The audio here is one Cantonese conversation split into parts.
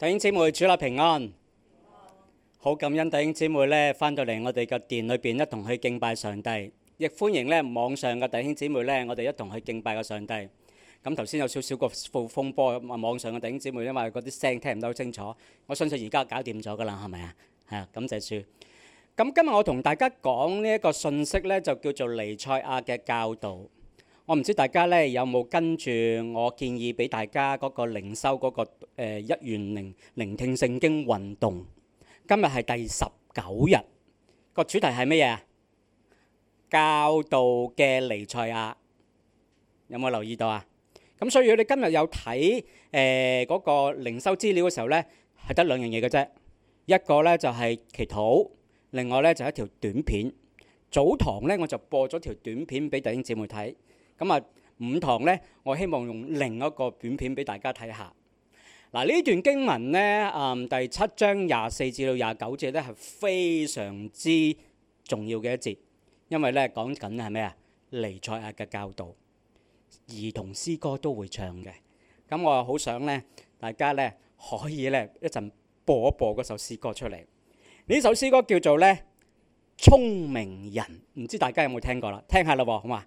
弟兄姊妹，主立平安，好感恩。弟兄姊妹咧，翻到嚟我哋嘅殿裏邊一同去敬拜上帝，亦歡迎咧網上嘅弟兄姊妹咧，我哋一同去敬拜個上帝。咁頭先有少少個副風波，網上嘅弟兄姊妹，因為嗰啲聲聽唔到清楚，我相信而家搞掂咗噶啦，係咪啊？係啊，感謝主。咁今日我同大家講呢一個信息咧，就叫做彌賽亞嘅教導。我唔知大家咧，有冇跟住我建議俾大家嗰個靈修嗰個誒一元聆聆聽聖經運動。今日係第十九日，個主題係乜嘢啊？教導嘅彌賽亞，有冇留意到啊？咁所以你今日有睇誒嗰個靈修資料嘅時候咧，係得兩樣嘢嘅啫。一個咧就係祈禱，另外咧就係一條短片。早堂咧，我就播咗條短片俾弟兄姊妹睇。咁啊，五堂咧，我希望用另一個短片俾大家睇下。嗱，呢段經文咧，誒第七章廿四至到廿九節咧，係非常之重要嘅一節，因為咧講緊係咩啊？彌賽亞嘅教導，兒童詩歌都會唱嘅。咁我好想咧，大家咧可以咧一陣播一播嗰首詩歌出嚟。呢首詩歌叫做咧《聰明人》，唔知大家有冇聽過啦？聽下啦喎，好嘛？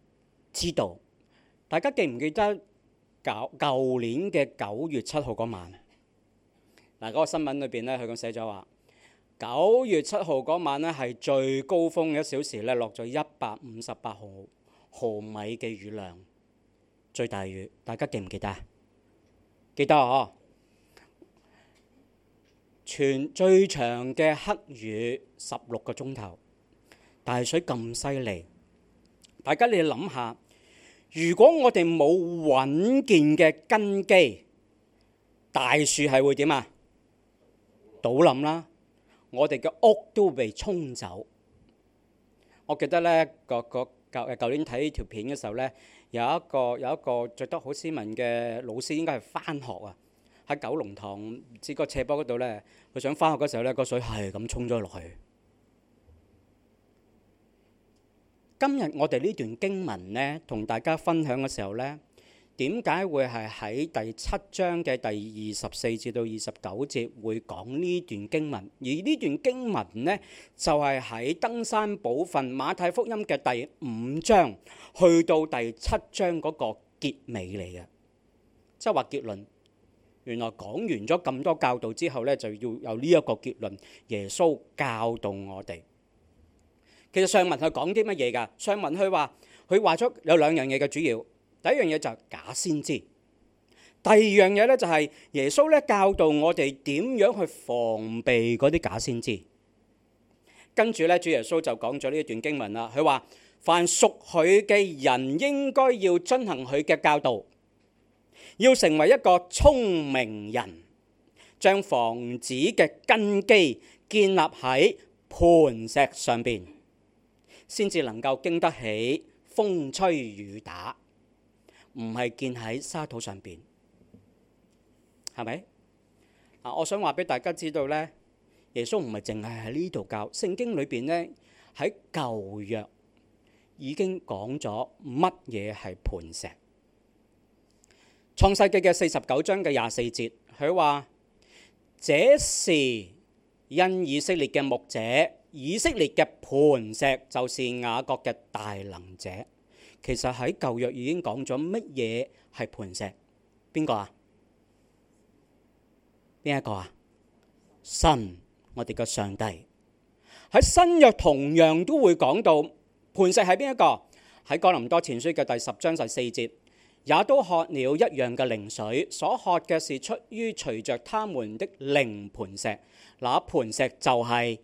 知道，大家記唔記得，九舊年嘅九月七號嗰晚？嗱、那、嗰個新聞裏邊咧，佢咁寫咗話：九月七號嗰晚咧，係最高峰嘅一小時咧，落咗一百五十八毫毫米嘅雨量，最大雨。大家記唔記得啊？記得啊！嗬，全最長嘅黑雨十六個鐘頭，大水咁犀利，大家你諗下。如果我哋冇穩健嘅根基，大樹係會點啊？倒冧啦！我哋嘅屋都被沖走。我記得呢，個個舊、舊年睇條片嘅時候呢，有一個有一個著得好斯文嘅老師，應該係翻學啊，喺九龍塘唔知個斜坡嗰度呢，佢想翻學嗰時候呢，個水係咁沖咗落去。今日我哋呢段經文呢，同大家分享嘅時候呢，點解會係喺第七章嘅第二十四節到二十九節會講呢段經文？而呢段經文呢，就係喺登山寶訓馬太福音嘅第五章去到第七章嗰個結尾嚟嘅，即係話結論。原來講完咗咁多教導之後呢，就要有呢一個結論。耶穌教導我哋。其實上文係講啲乜嘢㗎？上文佢話佢話咗有兩樣嘢嘅主要。第一樣嘢就係假先知。第二樣嘢咧就係耶穌咧教導我哋點樣去防備嗰啲假先知。跟住咧，主耶穌就講咗呢一段經文啦。佢話凡屬佢嘅人應該要遵行佢嘅教導，要成為一個聰明人，將房子嘅根基建立喺磐石上邊。先至能夠經得起風吹雨打，唔係建喺沙土上邊，係咪？啊，我想話俾大家知道咧，耶穌唔係淨係喺呢度教，聖經裏邊咧喺舊約已經講咗乜嘢係磐石。創世記嘅四十九章嘅廿四節，佢話這是因以色列嘅牧者。以色列嘅磐石就是雅各嘅大能者。其實喺舊約已經講咗乜嘢係磐石？邊個啊？邊一個啊？神，我哋嘅上帝喺新約同樣都會講到磐石係邊一個？喺哥林多前書嘅第十章十四節，也都喝了一樣嘅靈水，所喝嘅是出於隨着他們的靈磐石，那磐石就係、是。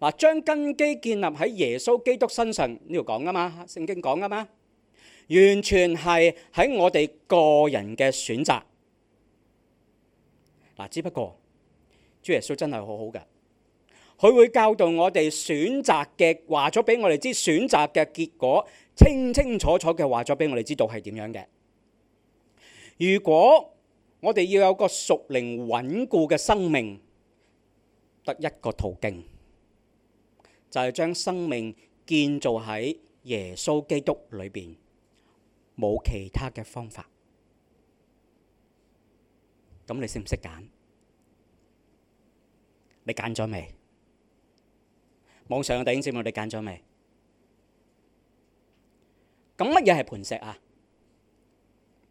嗱，將根基建立喺耶穌基督身上呢度講噶嘛，聖經講噶嘛，完全係喺我哋個人嘅選擇。嗱，只不過，主耶穌真係好好嘅，佢會教導我哋選擇嘅話咗俾我哋知，選擇嘅結果清清楚楚嘅話咗俾我哋知道係點樣嘅。如果我哋要有個屬靈穩固嘅生命，得一個途徑。就係將生命建造喺耶穌基督裏邊，冇其他嘅方法。咁你識唔識揀？你揀咗未？網上嘅抖音節目你揀咗未？咁乜嘢係磐石啊？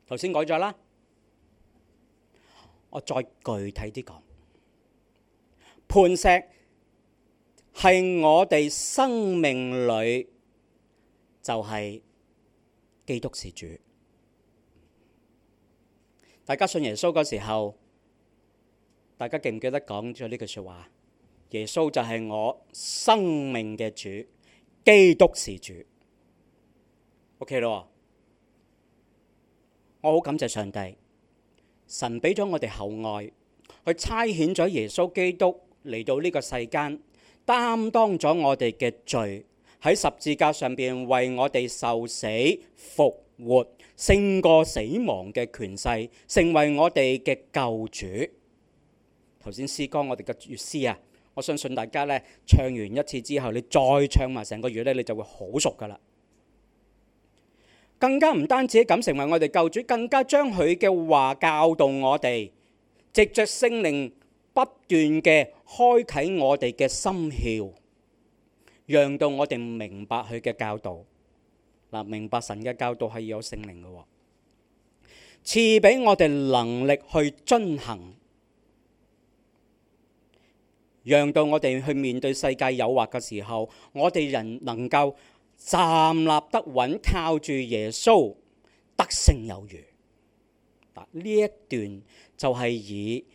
頭先講咗啦，我再具體啲講，磐石。係我哋生命裏就係、是、基督是主。大家信耶穌嗰時候，大家記唔記得講咗呢句說話？耶穌就係我生命嘅主，基督是主。O K 啦，我好感謝上帝，神俾咗我哋厚愛，去差遣咗耶穌基督嚟到呢個世間。擔當咗我哋嘅罪，喺十字架上邊為我哋受死復活，勝過死亡嘅權勢，成為我哋嘅救主。頭先詩歌，我哋嘅粵詩啊，我相信大家呢唱完一次之後，你再唱埋成個月呢，你就會好熟㗎喇。更加唔單止噉成為我哋救主，更加將佢嘅話教導我哋，藉著聖靈不斷嘅。開啟我哋嘅心竅，讓到我哋明白佢嘅教導。嗱，明白神嘅教導係有聖靈嘅，賜俾我哋能力去遵行，讓到我哋去面對世界誘惑嘅時候，我哋人能夠站立得穩，靠住耶穌得勝有餘。嗱，呢一段就係以。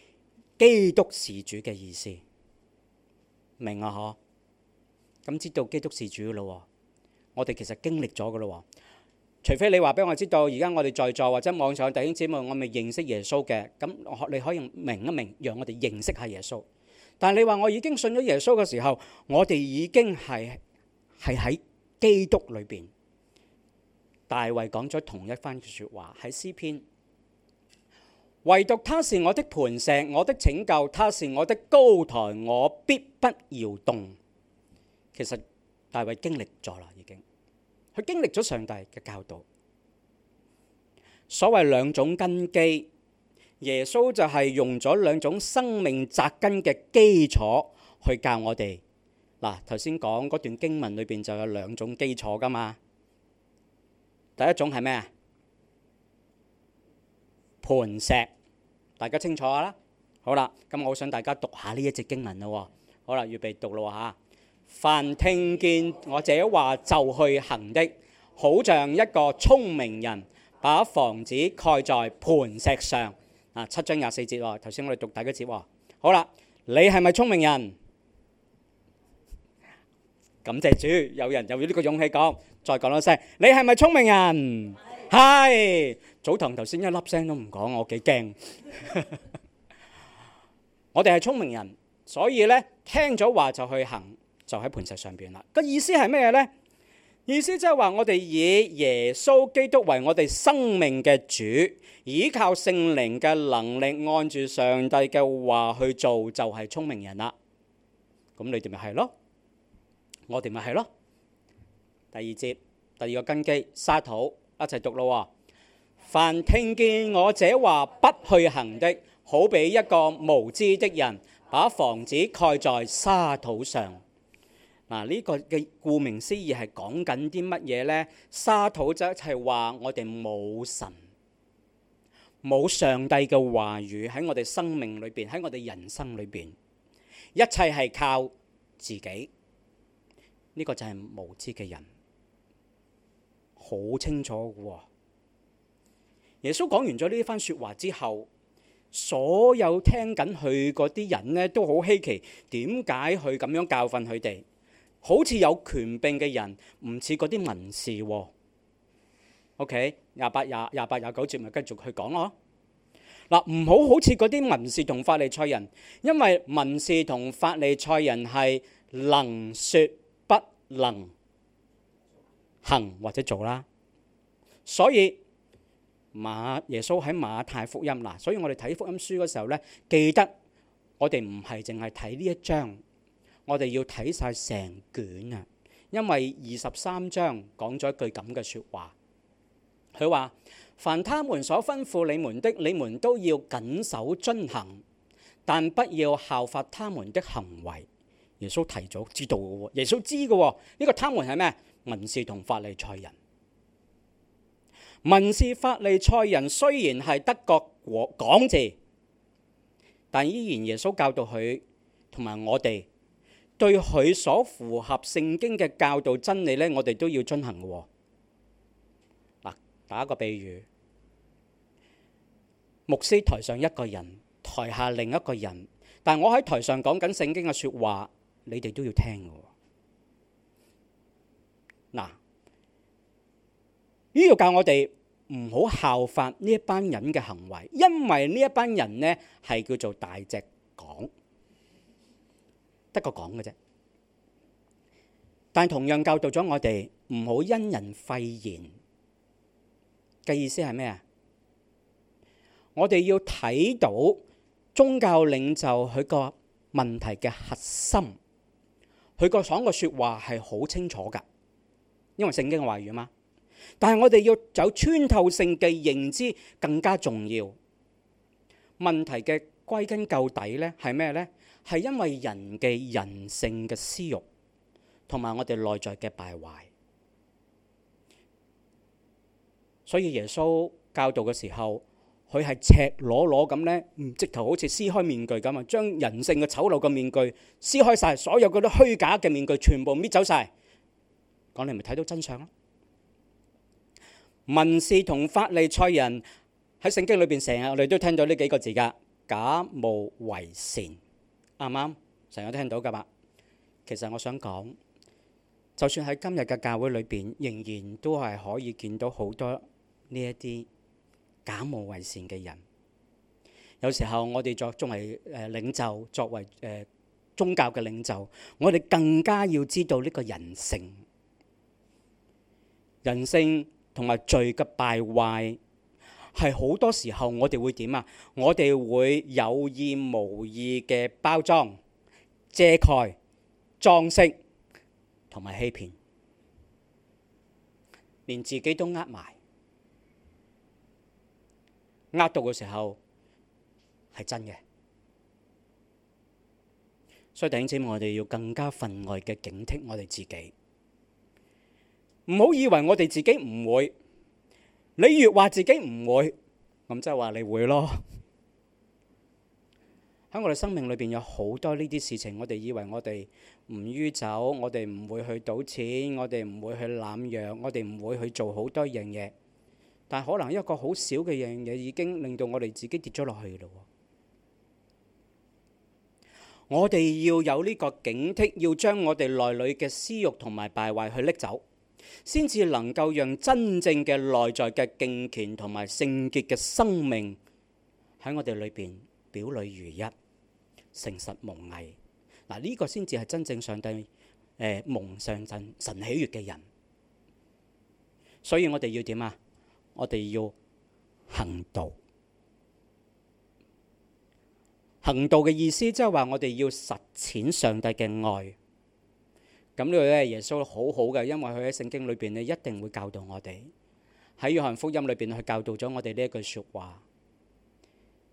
基督係主嘅意思，明啊嗬？咁、嗯、知道基督係主嘅咯，我哋其實經歷咗嘅咯。除非你話俾我知道，而家我哋在座或者網上嘅弟兄姊妹，我未認識耶穌嘅，咁你可以明一明，讓我哋認識下耶穌。但你話我已經信咗耶穌嘅時候，我哋已經係係喺基督裏邊。大衛講咗同一番說話喺詩篇。唯獨他是我的磐石，我的拯救，他是我的高臺，我必不搖動。其實大衛經、經歷咗啦，已經，佢經歷咗上帝嘅教導。所謂兩種根基，耶穌就係用咗兩種生命紮根嘅基礎去教我哋。嗱，頭先講嗰段經文裏邊就有兩種基礎噶嘛，第一種係咩啊？磐石，大家清楚啦。好啦，咁我想大家讀下呢一隻經文咯。好啦，預備讀咯吓。凡聽見我這話就去行的，好像一個聰明人把房子蓋在磐石上。啊，七章廿四節喎。頭先我哋讀第一節喎？好啦，你係咪聰明人？感謝主，有人有呢個勇氣講，再講多聲，你係咪聰明人？係，祖堂頭先一粒聲都唔講，我幾驚。我哋係聰明人，所以呢聽咗話就去行，就喺磐石上邊啦。個意思係咩呢？意思即係話我哋以耶穌基督為我哋生命嘅主，依靠聖靈嘅能力，按住上帝嘅話去做，就係聰明人啦。咁你哋咪係咯，我哋咪係咯。第二節，第二個根基，沙土。一齊讀咯！凡聽見我這話不去行的，好比一個無知的人，把房子蓋在沙土上。嗱，呢個嘅顧名思義係講緊啲乜嘢呢？沙土就係話我哋冇神，冇上帝嘅話語喺我哋生命裏邊，喺我哋人生裏邊，一切係靠自己。呢個就係無知嘅人。好清楚嘅喎、哦！耶穌講完咗呢番説話之後，所有聽緊佢嗰啲人呢都好稀奇，點解佢咁樣教訓佢哋？好似有權柄嘅人，唔似嗰啲文士喎。OK，廿八、廿廿八、廿九節咪繼續去講咯。嗱，唔好好似嗰啲文士同法利賽人，因為文士同法利賽人係能説不能。行或者做啦，所以馬耶穌喺馬太福音嗱，所以我哋睇福音書嗰時候咧，記得我哋唔係淨係睇呢一章，我哋要睇晒成卷啊。因為二十三章講咗一句咁嘅說話，佢話凡他們所吩咐你們的，你們都要謹守遵行，但不要效法他們的行為。耶穌提早知道嘅、哦，耶穌知嘅呢、哦呢個他們係咩？文士同法利賽人，文士法利賽人雖然係得個講字，但依然耶穌教導佢同埋我哋，對佢所符合聖經嘅教導真理呢，我哋都要遵行嘅。嗱，打一個比喻，牧師台上一個人，台下另一個人，但我喺台上講緊聖經嘅說話，你哋都要聽嘅、哦。嗱，呢個教我哋唔好效法呢一班人嘅行為，因為呢一班人咧係叫做大隻講，得個講嘅啫。但同樣教導咗我哋唔好因人廢言嘅意思係咩啊？我哋要睇到宗教領袖佢個問題嘅核心，佢個講嘅説話係好清楚㗎。因為聖經嘅話語嘛，但係我哋要有穿透性嘅認知更加重要。問題嘅歸根究底咧係咩咧？係因為人嘅人性嘅私欲同埋我哋內在嘅敗壞。所以耶穌教導嘅時候，佢係赤裸裸咁咧，唔，直頭好似撕開面具咁啊，將人性嘅醜陋嘅面具撕開晒，所有嗰啲虛假嘅面具全部搣走晒。講，你咪睇到真相咯。文士同法利賽人喺聖經裏邊成日，我哋都聽到呢幾個字㗎，假冒為善，啱唔啱？成日都聽到㗎嘛。其實我想講，就算喺今日嘅教會裏邊，仍然都係可以見到好多呢一啲假冒為善嘅人。有時候我哋作作為誒領袖，作為誒宗教嘅領袖，我哋更加要知道呢個人性。人性同埋罪嘅敗壞，係好多時候，我哋會點啊？我哋會有意無意嘅包裝、遮蓋、裝飾同埋欺騙，連自己都呃埋，呃到嘅時候係真嘅。所以頂尖，我哋要更加分外嘅警惕我哋自己。唔好以為我哋自己唔會，你越話自己唔會，咁即係話你會咯。喺 我哋生命裏邊有好多呢啲事情，我哋以為我哋唔於走，我哋唔會去賭錢，我哋唔會去濫藥，我哋唔會去做好多樣嘢。但可能一個好少嘅樣嘢已經令到我哋自己跌咗落去咯。我哋要有呢個警惕，要將我哋內裏嘅私欲同埋敗壞去拎走。先至能夠讓真正嘅內在嘅敬虔同埋聖潔嘅生命喺我哋裏邊表裏如一，誠實無偽。嗱、這、呢個先至係真正上帝誒、呃、蒙上陣神喜悦嘅人。所以我哋要點啊？我哋要行道。行道嘅意思即係話我哋要實踐上帝嘅愛。咁呢個咧耶穌好好嘅，因為佢喺聖經裏邊咧一定會教導我哋。喺約翰福音裏邊，佢教導咗我哋呢一句說話：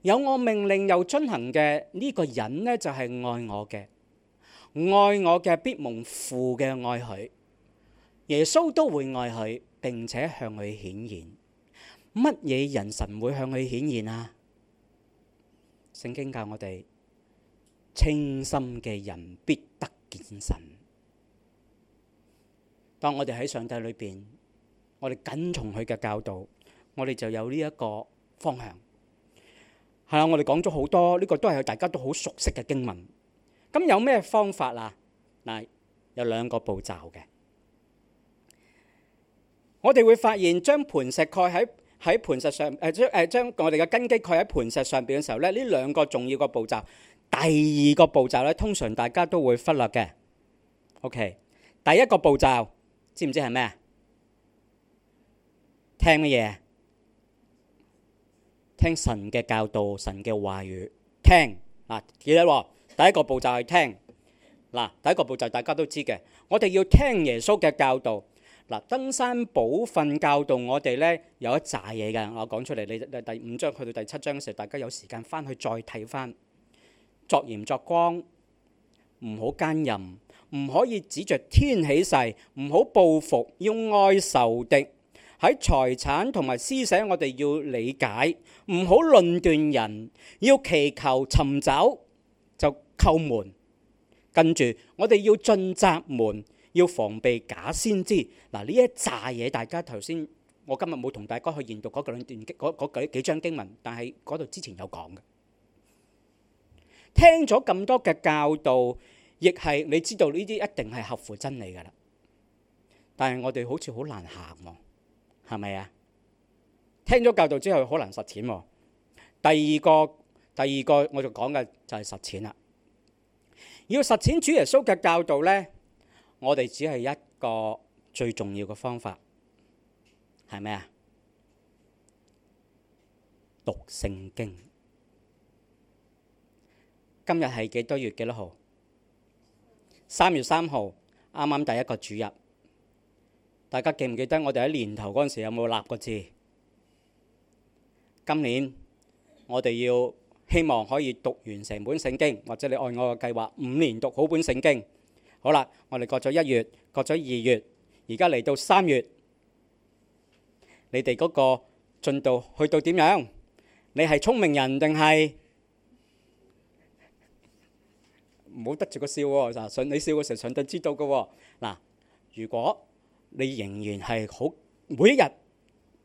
有我命令又遵行嘅呢個人咧，就係愛我嘅；愛我嘅，必蒙父嘅愛佢。耶穌都會愛佢，並且向佢顯現。乜嘢人神會向佢顯現啊？聖經教我哋：清心嘅人必得見神。當我哋喺上帝裏邊，我哋跟從佢嘅教導，我哋就有呢一個方向係啦。我哋講咗好多，呢個都係大家都好熟悉嘅經文。咁有咩方法啊？嗱，有兩個步驟嘅。我哋會發現將磐石蓋喺喺磐石上，誒，將誒將我哋嘅根基蓋喺磐石上邊嘅時候咧，呢兩個重要嘅步驟，第二個步驟咧，通常大家都會忽略嘅。OK，第一個步驟。知唔知係咩？聽乜嘢？聽神嘅教導，神嘅話語。聽嗱，記得第一個步驟係聽嗱，第一個步驟大家都知嘅，我哋要聽耶穌嘅教導嗱。登山寶訓教導我哋咧，有一紮嘢嘅，我講出嚟，你第第五章去到第七章嘅時候，大家有時間翻去再睇翻。作鹽作光，唔好奸淫。唔可以指着天起誓，唔好報復，要愛仇敵。喺財產同埋施捨，我哋要理解，唔好論斷人，要祈求尋找就叩門。跟住我哋要進窄門，要防備假先知。嗱，呢一紮嘢，大家頭先我今日冇同大家去研讀嗰兩段嗰嗰幾幾章經文，但係嗰度之前有講嘅。聽咗咁多嘅教導。亦係你知道呢啲一定係合乎真理噶啦，但係我哋好似好難行喎、啊，係咪啊？聽咗教導之後好難實踐喎、啊。第二個第二個我就講嘅就係實踐啦。要實踐主耶穌嘅教導呢，我哋只係一個最重要嘅方法，係咩啊？讀聖經。今日係幾多月幾多號？三月三號啱啱第一個主日，大家記唔記得我哋喺年頭嗰陣時有冇立過志？今年我哋要希望可以讀完成本聖經，或者你按我嘅計劃五年讀好本聖經。好啦，我哋過咗一月，過咗二月，而家嚟到三月，你哋嗰個進度去到點樣？你係聰明人定係？唔好得住個笑。嗱，你笑嘅時候，上帝知道噶。嗱，如果你仍然係好，每一日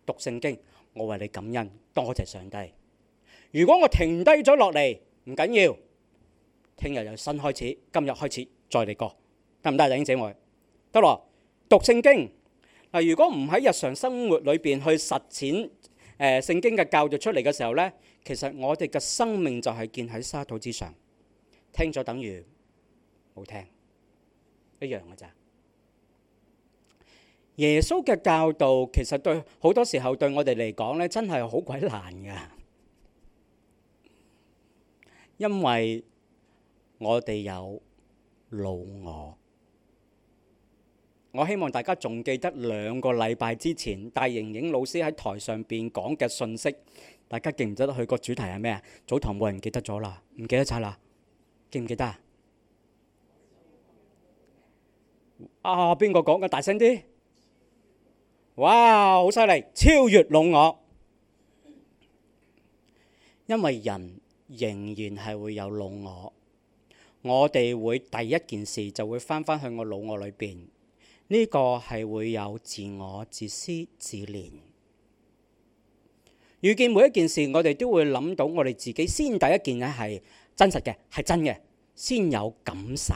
讀聖經，我為你感恩，多謝上帝。如果我停低咗落嚟，唔緊要，聽日由新開始，今日開始再嚟過，得唔得啊？弟兄姐妹，得咯。讀聖經嗱，如果唔喺日常生活裏邊去實踐誒聖經嘅教導出嚟嘅時候咧，其實我哋嘅生命就係建喺沙土之上。聽咗等於冇聽一樣嘅咋。耶穌嘅教導其實對好多時候對我哋嚟講咧，真係好鬼難㗎，因為我哋有老我。我希望大家仲記得兩個禮拜之前戴瑩瑩老師喺台上邊講嘅信息，大家記唔記得佢個主題係咩啊？早堂冇人記得咗啦，唔記得晒啦。記唔記得啊？啊，邊個講嘅？大聲啲！哇，好犀利，超越老我，因為人仍然係會有老我。我哋會第一件事就會翻返去我老我裏邊，呢、這個係會有自我、自私、自憐。遇見每一件事，我哋都會諗到我哋自己。先第一件嘅係。真實嘅係真嘅，先有感受，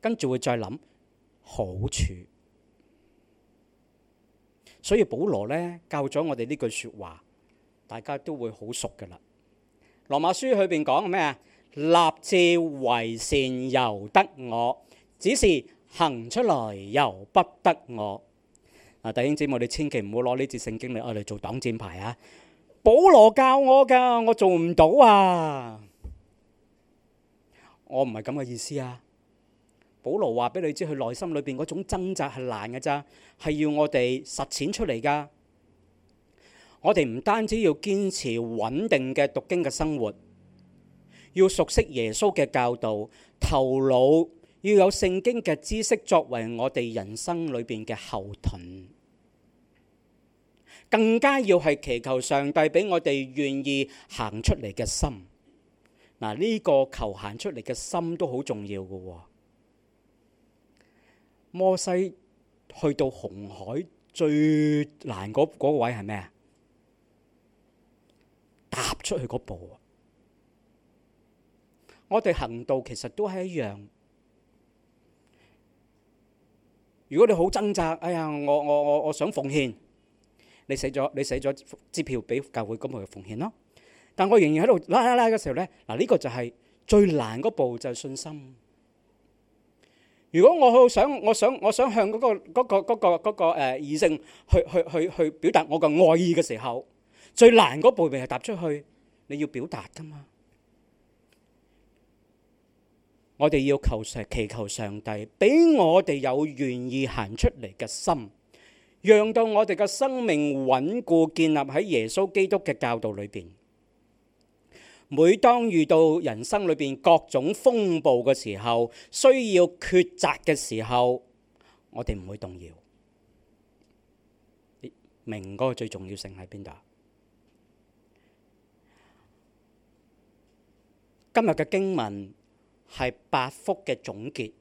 跟住會再諗好處。所以保羅呢教咗我哋呢句説話，大家都會好熟噶啦。羅馬書裏邊講咩啊？立志為善由得我，只是行出來由不得我。啊，弟兄姊妹，你千祈唔好攞呢節聖經嚟我哋做擋箭牌啊！保羅教我噶，我做唔到啊！我唔係咁嘅意思啊！保羅話俾你知，佢內心裏邊嗰種掙扎係難嘅咋，係要我哋實踐出嚟噶。我哋唔單止要堅持穩定嘅讀經嘅生活，要熟悉耶穌嘅教導，頭腦要有聖經嘅知識作為我哋人生裏邊嘅後盾。更加要係祈求上帝俾我哋願意行出嚟嘅心，嗱，呢個求行出嚟嘅心都好重要嘅喎。摩西去到紅海最難嗰嗰個位係咩啊？踏出去嗰步啊！我哋行道其實都係一樣。如果你好掙扎，哎呀，我我我我想奉獻。你寫咗你寫咗支票俾教會，咁佢去奉獻咯。但我仍然喺度拉拉拉嘅時候咧，嗱呢個就係最難嗰步就係信心。如果我好想我想我想向嗰個嗰個嗰個嗰個誒異性去去去去表達我嘅愛意嘅時候，最難嗰步咪係踏出去，你要表達㗎嘛？我哋要求上祈求上帝俾我哋有願意行出嚟嘅心。讓到我哋嘅生命穩固建立喺耶穌基督嘅教導裏邊。每當遇到人生裏邊各種風暴嘅時候，需要抉擇嘅時候，我哋唔會動搖。明嗰個最重要性喺邊度？今日嘅經文係八福嘅總結。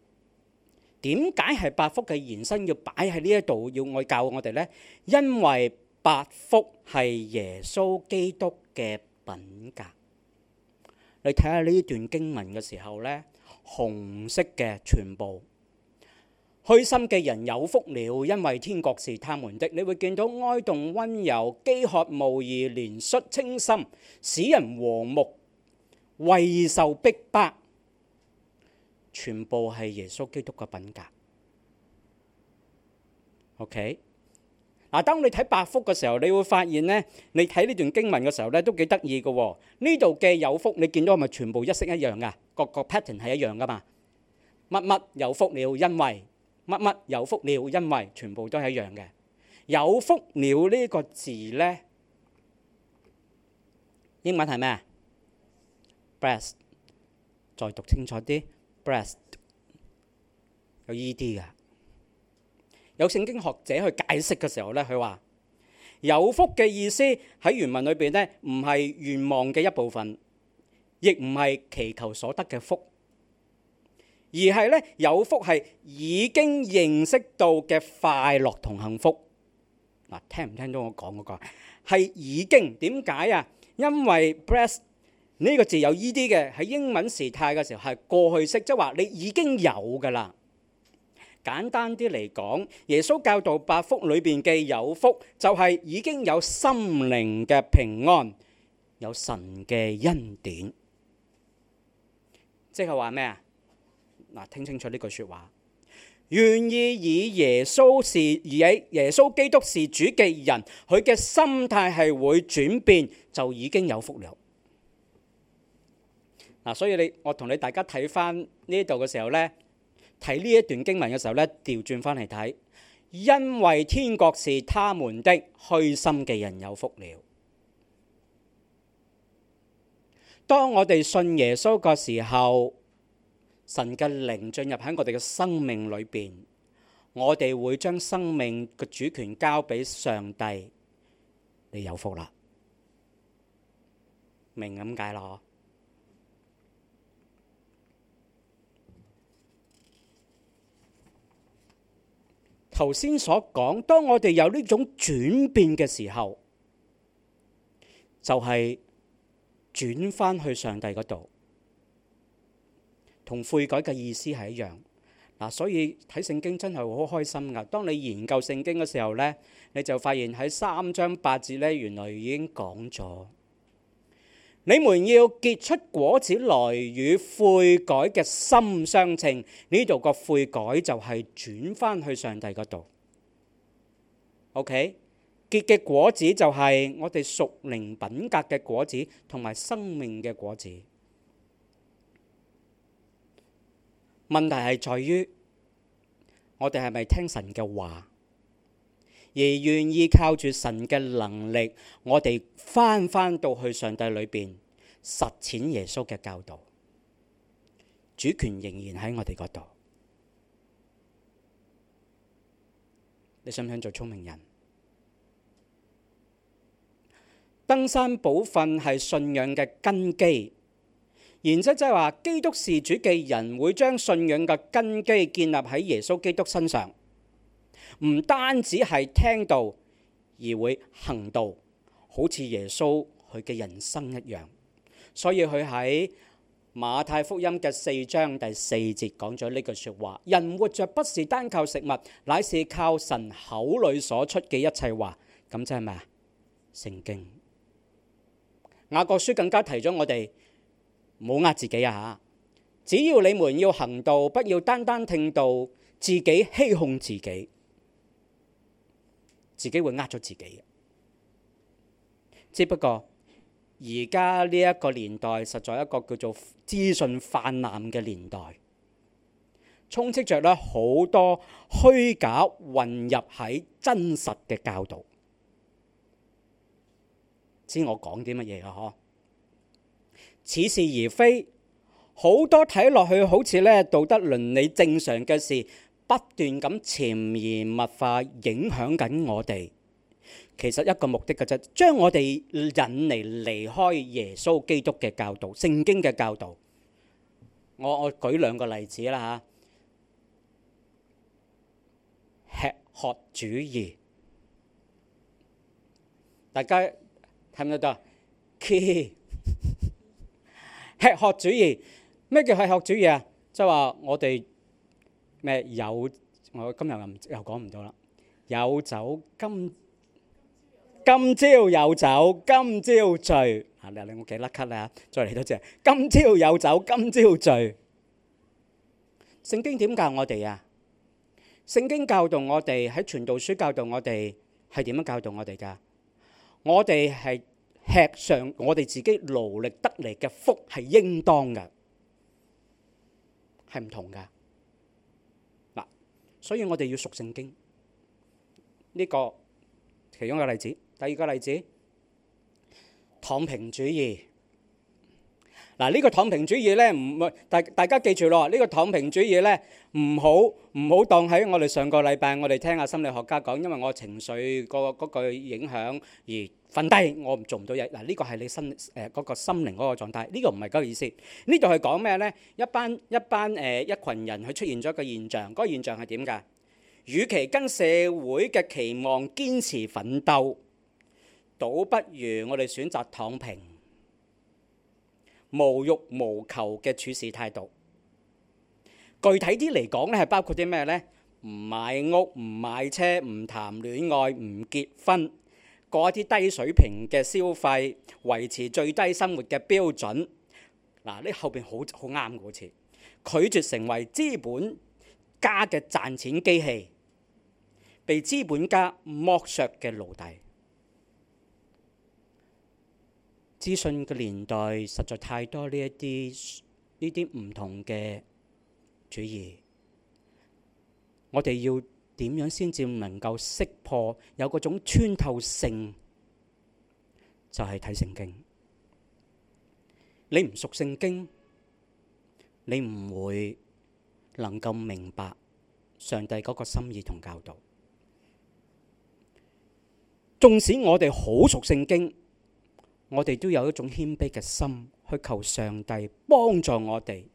點解係八福嘅延伸要擺喺呢一度，要愛教我哋咧？因為八福係耶穌基督嘅品格。你睇下呢段經文嘅時候咧，紅色嘅全部，虛心嘅人有福了，因為天國是他們的。你會見到哀慟、溫柔，饑渴慕義，憐恤、清心，使人和睦，為受逼迫。全部係耶穌基督嘅品格，OK 嗱。當你睇八福嘅時候，你會發現咧，你睇呢段經文嘅時候咧都幾得意嘅。呢度嘅有福，你見到係咪全部一式一樣嘅？個個 pattern 係一樣噶嘛？乜乜有福了，因為乜乜有福了，因為全部都係一樣嘅。有福了呢個字咧，英文係咩？Blessed，再讀清楚啲。有依啲噶，有聖經學者去解釋嘅時候咧，佢話有福嘅意思喺原文裏邊咧，唔係願望嘅一部分，亦唔係祈求所得嘅福，而係咧，有福係已經認識到嘅快樂同幸福。嗱，聽唔聽到我講嗰個？係已經，點解啊？因為。呢個字有依啲嘅喺英文時態嘅時候係過去式，即係話你已經有㗎啦。簡單啲嚟講，耶穌教導八福裏邊嘅有福就係已經有心靈嘅平安，有神嘅恩典。即係話咩啊？嗱，聽清楚呢句説話，願意以耶穌是而以耶穌基督是主嘅人，佢嘅心態係會轉變，就已經有福了。嗱、啊，所以你我同你大家睇翻呢度嘅時候咧，睇呢一段經文嘅時候咧，調轉翻嚟睇，因為天國是他們的，虛心嘅人有福了。當我哋信耶穌嘅時候，神嘅靈進入喺我哋嘅生命裏邊，我哋會將生命嘅主權交俾上帝，你有福啦，明咁解咯？頭先所講，當我哋有呢種轉變嘅時候，就係轉返去上帝嗰度，同悔改嘅意思係一樣。嗱，所以睇聖經真係好開心㗎啊。當你研究聖經嘅時候咧，你就發現喺三章八節咧，原來已經講咗。你們要結出果子來，與悔改嘅心相稱。呢度個悔改就係轉返去上帝嗰度，OK？結嘅果子就係我哋屬靈品格嘅果子，同埋生命嘅果子。問題係在於，我哋係咪聽神嘅話？而願意靠住神嘅能力，我哋翻翻到去上帝裏邊實踐耶穌嘅教導，主權仍然喺我哋嗰度。你想唔想做聰明人？登山寶訓係信仰嘅根基原則，即係話，基督係主嘅人會將信仰嘅根基建立喺耶穌基督身上。唔單止係聽道而會行道，好似耶穌佢嘅人生一樣。所以佢喺馬太福音嘅四章第四節講咗呢句說話：人活着不是單靠食物，乃是靠神口裏所出嘅一切話。咁即係咪啊？聖經雅各書更加提咗我哋冇呃自己啊！只要你們要行道，不要單單聽道，自己欺哄自己。自己會呃咗自己嘅，只不過而家呢一個年代實在一個叫做資訊泛濫嘅年代，充斥着咧好多虛假混入喺真實嘅教導。知我講啲乜嘢啊？呵，似是而非，好多睇落去好似咧道德倫理正常嘅事。不斷咁潛移默化影響緊我哋，其實一個目的嘅啫，將我哋引嚟離開耶穌基督嘅教導、聖經嘅教導。我我舉兩個例子啦吓，吃喝主義，大家睇唔睇到？嘻嘻，吃喝主義，咩叫吃喝主義啊？即係話我哋。咩有我今日又講唔到啦？有酒今今朝有酒今朝醉啊！你我幾甩咳啦？再嚟多隻。今朝有酒今朝醉。聖經點教我哋啊？聖經教導我哋，喺傳道書教導我哋係點樣教導我哋㗎？我哋係吃上我哋自己勞力得嚟嘅福係應當㗎，係唔同㗎。所以我哋要熟聖經，呢個其中嘅例子。第二個例子，躺平主義。嗱，呢個躺平主義咧，唔大大家記住咯，呢個躺平主義咧，唔好唔好當喺我哋上個禮拜我哋聽下心理學家講，因為我情緒個嗰個影響而瞓低，我唔做唔到嘢。嗱，呢個係你心誒嗰個心靈嗰個狀態，呢個唔係嗰個意思。呢度係講咩咧？一班一班誒一羣人去出現咗一個現象，嗰個現象係點㗎？與其跟社會嘅期望堅持奮鬥，倒不如我哋選擇躺平。無欲無求嘅處事態度，具體啲嚟講咧，係包括啲咩咧？唔買屋，唔買車，唔談戀愛，唔結婚，過一啲低水平嘅消費，維持最低生活嘅標準。嗱、啊，呢後邊好好啱嘅好似，拒絕成為資本家嘅賺錢機器，被資本家剝削嘅奴隸。資訊嘅年代，實在太多呢一啲呢啲唔同嘅主義。我哋要點樣先至能夠識破？有嗰種穿透性，就係睇聖經。你唔熟聖經，你唔會能夠明白上帝嗰個心意同教導。縱使我哋好熟聖經。我哋都有一種謙卑嘅心去求上帝幫助我哋。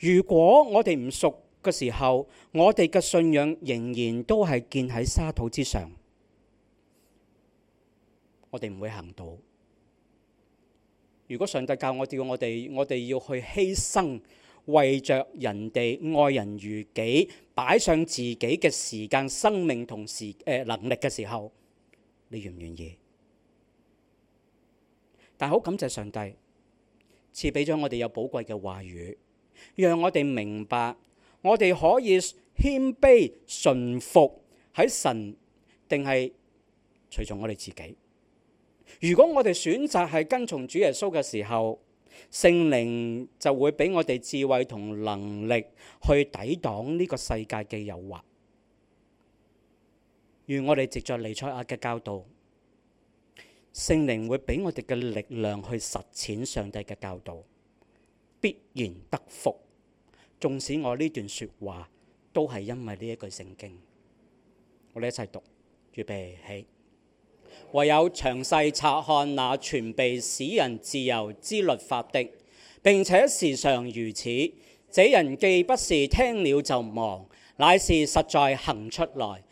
如果我哋唔熟嘅時候，我哋嘅信仰仍然都係建喺沙土之上，我哋唔會行到。如果上帝教我哋要我哋我哋要去犧牲，為着人哋愛人如己，擺上自己嘅時間、生命同時誒能力嘅時候，你願唔願意？但好感謝上帝，賜俾咗我哋有寶貴嘅話語，讓我哋明白我哋可以謙卑順服喺神，定係隨從我哋自己。如果我哋選擇係跟從主耶穌嘅時候，聖靈就會俾我哋智慧同能力去抵擋呢個世界嘅誘惑。願我哋藉著彌賽亞嘅教導。聖靈會俾我哋嘅力量去實踐上帝嘅教導，必然得福。縱使我呢段説話都係因為呢一句聖經，我哋一齊讀，預備起。唯有詳細察看那全備使人自由之律法的，並且時常如此，這人既不是聽了就忘，乃是實在行出來。